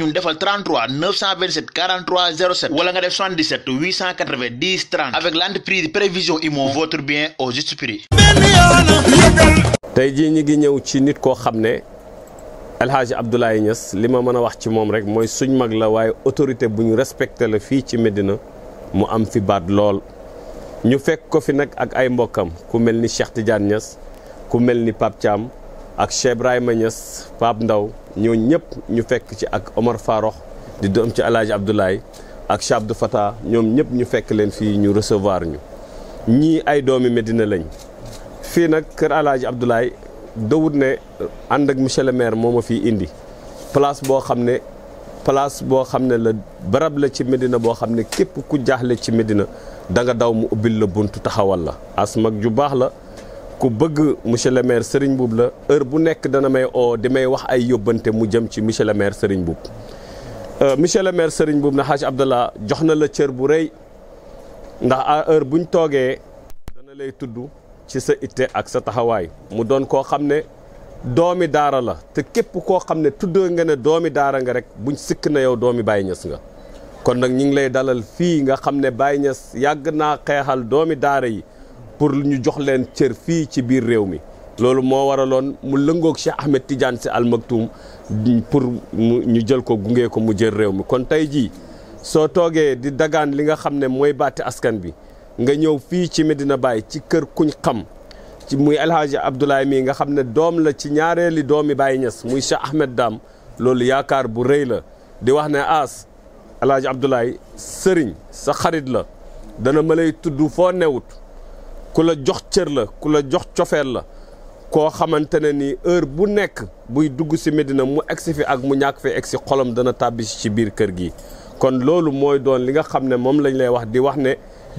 ñun defal 33 927 43 07 wala nga def 77 890 30 avec l'entreprise prévision immo votre bien au juste prix. tey jii ñu ngi ci nit ko El Abdoulaye Niass lima mëna wax ci mom rek moy suñ mag la waye autorité buñu respecter respecté la fi ci Medina mu am fi baat lool. ñu fekk ko fi nak ak ay mbokam ku melni ni Cheikh Tidiane Niass ku melni ni cham ak Cheikh Ibrahima Niass Pape Ndaw ñoo ñëpp ñu fekk ci ak Omar Farox di doom ci Alaaji Abdoulaye ak Cheikh Abdou Fata ñoom ñëpp ñu fekk leen fii ñu recevoir ñu ñii ay doomi Medina lañ fii nag kër Alaaji Abdoulaye dawut ne ànd ak monsieur le maire moo fii indi place boo xam ne place boo xam ne la barab la ci Medina boo xam ne képp ku jaaxle ci Medina danga daw mu ubbil la buntu taxawal la asmak ju baax la ku bëgg monsieur le maire Serigne Mboup la heure bu nekk dana may oo di may wax ay yóbbante mu jëm ci monsieur le maire Serigne Mboup euh, monsieur le maire Serigne Mboup na Hadj Abdallah jox na la cër bu rëy ndax à heure buñ toogee dana lay tudd ci sa itte ak sa taxawaay mu doon koo xam ne doomi daara la te képp koo xam ne tudd nga ne doomi daara nga rek buñ sikk na yow doomi Baye Niass nga kon nag ñu ngi lay dalal fii nga xam ne Baye Niass yàgg naa xeexal doomi daara yi pour ñu jox leen cër fii ci biir réew mi loolu moo waraloon mu lëngoog Cheikh Ahmed Tidiane si Al pour mu ñu jël ko gunge ko mu jël réew mi kon tey jii soo toogee di dagaan li nga xam ne mooy baati askan bi nga ñëw fii ci Medina Baye ci kër kuñ xam ci muy El Hadji Abdoulaye mii nga xam ne doom la ci ñaareeli doomi Baye Niass muy Cheikh Ahmed daam loolu yaakaar bu rëy la di wax ne aas El Hadji sëriñ sa xarit la dana ma tudd foo newut ku la jox cër la ku la jox cofeel la koo xamante ne ni heure bu nekk buy dugg si Medina mu egsi fi ak mu ñàkk fi egsi xolam dana tàbbi ci biir kër gi kon loolu mooy doon li nga xam ne moom lañ lay wax di wax ne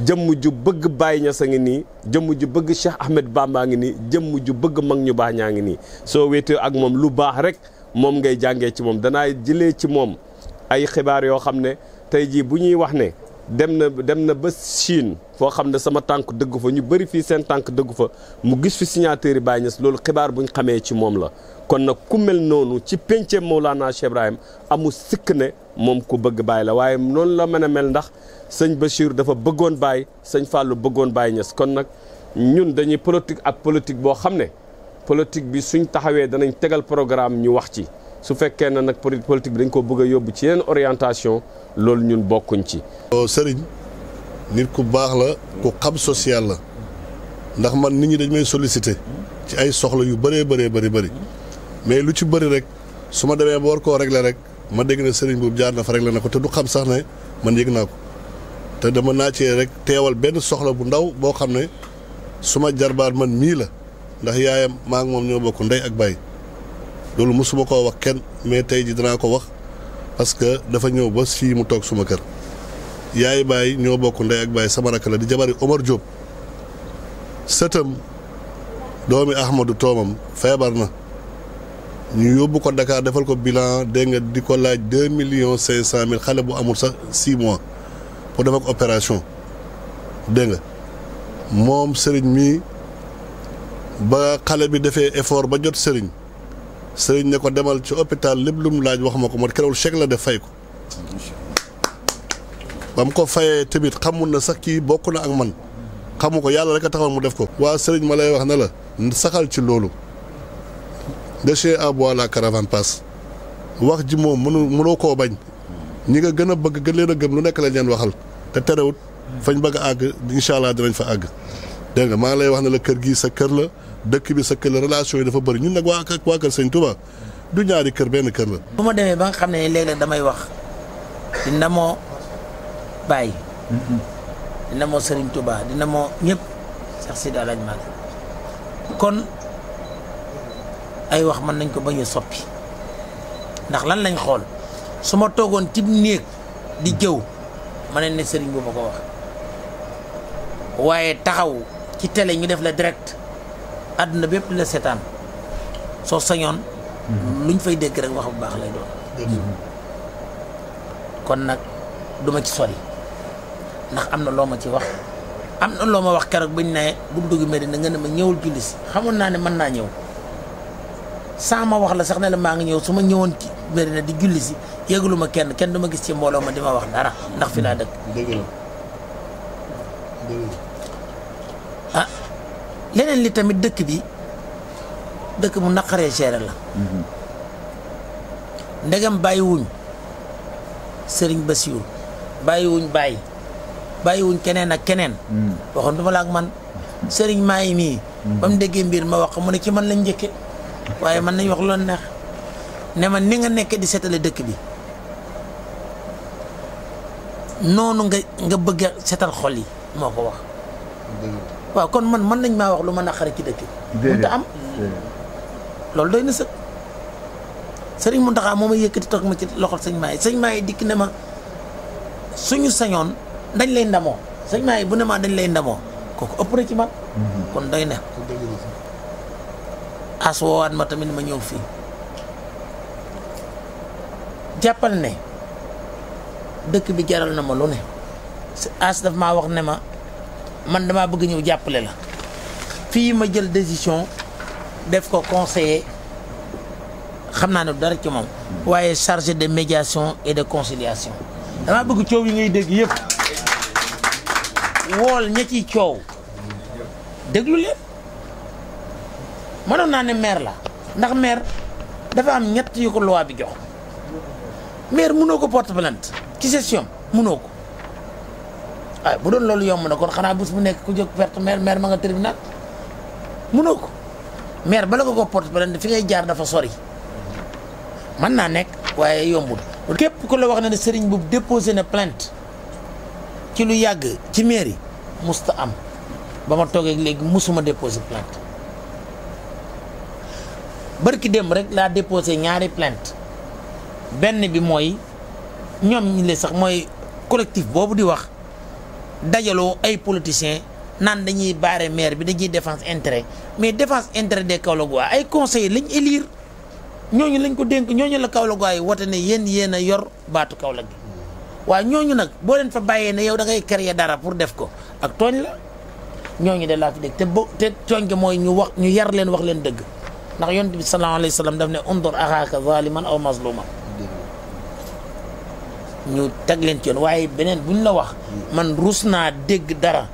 jëmm ju bëgg bàyyi Niass a ngi nii jëmm ju bëgg Cheikh Ahmed Bamba ngi nii jëmm ju bëgg mag ñu baax ñaa ngi nii soo wéetee ak moom lu baax rek moom ngay jàngee ci moom danaa jëlee ci moom ay xibaar yoo xam ne tey jii bu ñuy wax ne dem na dem na ba Chine foo xam ne sama tànk dëggu fa ñu bëri fii seen tànk dëggu fa mu gis fi signataires yi Baye loolu xibaar bu ñu xamee ci moom la kon nag ku mel noonu ci pencee Mawlana Cheikh Ibrahim amul sikk ne moom ku bëgg bàyyi la waaye noonu la mën a mel ndax sëñ Bachir dafa bëggoon Baye sëñ Fallou bëggoon Baye Niass kon nag ñun dañuy politique ak politique boo xam ne politique bi suñ taxawee danañ tegal programme ñu wax ci su fekkee na nag politique bi dañ koo bëgg a yóbbu ci yeneen orientation loolu ñun bokkuñ ci. Oh, sëriñ nit ku baax la ku xam social la ndax man nit ñi dañ may sollicité ci ay soxla yu bëree bëree bari bëri mais lu ci bëri rek su ma demee ba war koo régler rek ma dégg na sëriñ boobu jaar na fa régler na ko te du xam sax ne man yëg naa ko te dama naa cee rek teewal benn soxla bu ndaw boo xam ne su ma jarbaat man mii la ndax yaayam maa moom ñoo bokk ndey ak baay. loolu mosuma koo wax kenn mais tey ji danaa ko wax parce que dafa ñëw ba fii mu toog suma kër yaay baay ñoo bokk ndey ak baay sama rakk la di jabari Omar Diop sëtam doomi Ahmadou toomam feebar na ñu yóbbu ko ndakaar defal ko bilan dégg di ko laaj deux millions cinq cent mille xale bu amul sax six mois pour def ak opération dégg nga moom sëriñ mi ba xale bi defee effort ba jot sëriñ sëriñ ne ko demal ci hôpital lépp lu mu laaj wax ma ko moo kerewul chèque la def fay ko ba mu ko fayee tamit xamul na sax kii bokk na ak man xamu ko yàlla rek a taxaw mu def ko waa sëriñ ma lay wax na la saxal ci loolu de chez à bois la caravane wax ji moom mënu mënoo koo bañ ñi nga gën a bëgg gën leen a gëm lu nekk lañ leen waxal te terewut fañ bëgg a àgg incha allah dinañ fa àgg dégg nga maa lay wax ne la kër gii sa kër la dëkk bi sa kër relation yi dafa bëri ñun nag waa waa kër sëñ Touba du ñaari kër benn kër la. bu ma demee ba nga xam ne léeg-léeg damay wax di ndamoo Baye. di ndamoo Serigne Touba di ndamoo ñëpp Cheikh Sidi El Hadj Malick kon ay wax mën nañ ko bañ a soppi ndax lan lañ xool su ma toogoon cib néeg di jëw ma ne ne Serigne bu ma ko wax waaye taxaw ci télé ñu def la direct. àdduna bépp di la seetaan soo sañoon mhm. luñ fay dégg rek wax bu baax lay doon mhm. kon nag duma ci sori ndax am na loo ma ci wax am na loo ma wax keroog bañ ne bu dugg Medina nga ne ma ñëwul julli si xamoon naa ne mën naa ñëw sans ma wax la sax ne la maa ngi ñëw su ma ñëwoon ci Medina di julli si yëgaluma kenn kenn duma gis ci mbooloo ma di ma wax dara ndax fi laa dëkk leneen li tamit dëkk bi dëkk bu naqaree géré la mhm. ndegam bàyyiwuñ sëriñ Basiru bàyyiwuñ bàyyi bàyyiwuñ keneen ak keneen mhm. waxoon duma la ak man sëriñ maa ngi nii mhm. ba mu déggee mbir ma wax mu ne ci man lañ njëkke waaye man nañ wax loolu neex ne ma ni nga nekk di seetale dëkk bi noonu nga nga bëgg a xol yi moo ko wax waaw kon man man nañ maa wax lu ma naqari ci dëkk mënta am loolu doy na sëg sëriñ Muntaxa moo ma yëkkati toog ma ci loxol sëñ Maay sëñ Maay dikk ne ma suñu sañoon dañ lay ndamoo sëñ Maay bu ne ma dañ lay ndamoo kooku ëpp na ci man mhm. kon doy na as woowaat ma tamit ma ñëw fii jàppal ne dëkk bi jaral na ma lu ne as daf maa wax ne ma man dama bëgg ñëw jappalé la fi ma jël décision def ko conseiller xamna dara ci chargé de médiation et de conciliation dama bëgg ciow yi ngay dégg yépp wol ñi ciow déglu leen manon na maire la ndax maire dafa am ñett yu ko loi bi jox maire porte plainte ci session ay ah, bu doon loolu yomb na kon xanaa bus bu nekk ku jóg perte maire maire ma nga tribunal mënoo ko maire bala ko ko porte plainte fi ngay jaar dafa sori naa nekk waaye yombul. képp ku la wax ne sëriñ bu déposé na plainte ci lu yàgg ci mairie musta am ba ma toogee léegi musuma déposé plainte barki dem rek laa déposé ñaari plainte benn bi mooy ñoom ñi le sax mooy collectif boobu di wax. dajaloo ay politiciens naan dañuy baare maire bi dañuy défense intérêt mais défense intérêt des Kaolack waa ay conseillers lañ élire ñooñu lañ ko dénk ñooñu la Kaolack waa yi woote ne yéen yéen a yor baatu Kaolack gi waaye ñooñu nag boo leen fa bàyyee ne yow da ngay créer dara pour def ko ak tooñ la ñooñu de laa fi te bo te tooñ ko mooy ñu wax ñu yar leen wax leen dëgg ndax yonent bi sallallahu alayhi wa daf ne undur axaaka zaliman aw mazluman ñu teg leen ci waaye beneen bu ñu la wax man ruus naa dégg dara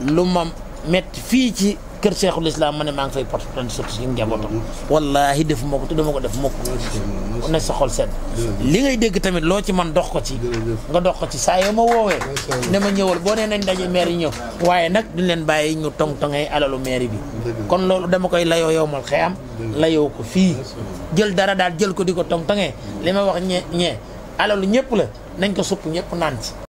lu ma metti fii ci kër Cheikhul Islam ma ne maa ngi fay porte plainte ko te dama ko def mukk ne sa xol li ngay dégg tamit loo ci man dox ko ci nga dox ko ci saa yoo ma woowee ne ma ñëwal boo nee nañ daje maire yi ñëw waaye nag duñ leen bàyyi ñu tong tongee alalu maire bi kon loolu dama koy layoo yow mal la layoo ko fii jël dara daal jël ko di ko tong tongee li ma wax ñe ñee alalu ñëpp la nañ ko supp ñëpp naan